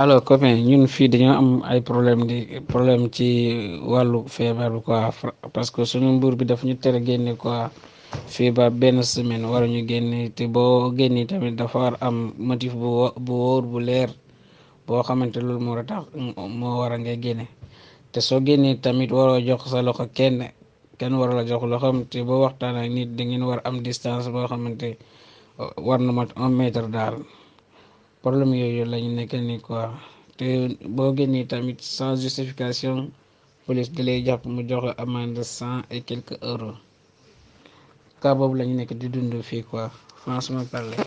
alors copain ñun fii dañoo am ay problème di problème ci wàllu feebar bi quoi parce que suñu mbuur bi daf ñu tere génne quoi fii ba benn semaine war ñu génne te boo génne tamit dafa war am motif bu bu bu leer boo xamante loolu moo tax moo war a ngay génne te soo génnee tamit waroo jox sa loxo kenn kenn waroo la jox loxoom te boo waxtaan ak nit da ngeen war am distance boo xamante war na mat un mètre daal. problèmes yooyu la ñu nekk ni quoi te boo génnee tamit sans justification police da lay jàpp mu jox amende cent et quelques euros cas boobu la ñu nekk di dund fii quoi franchement parler.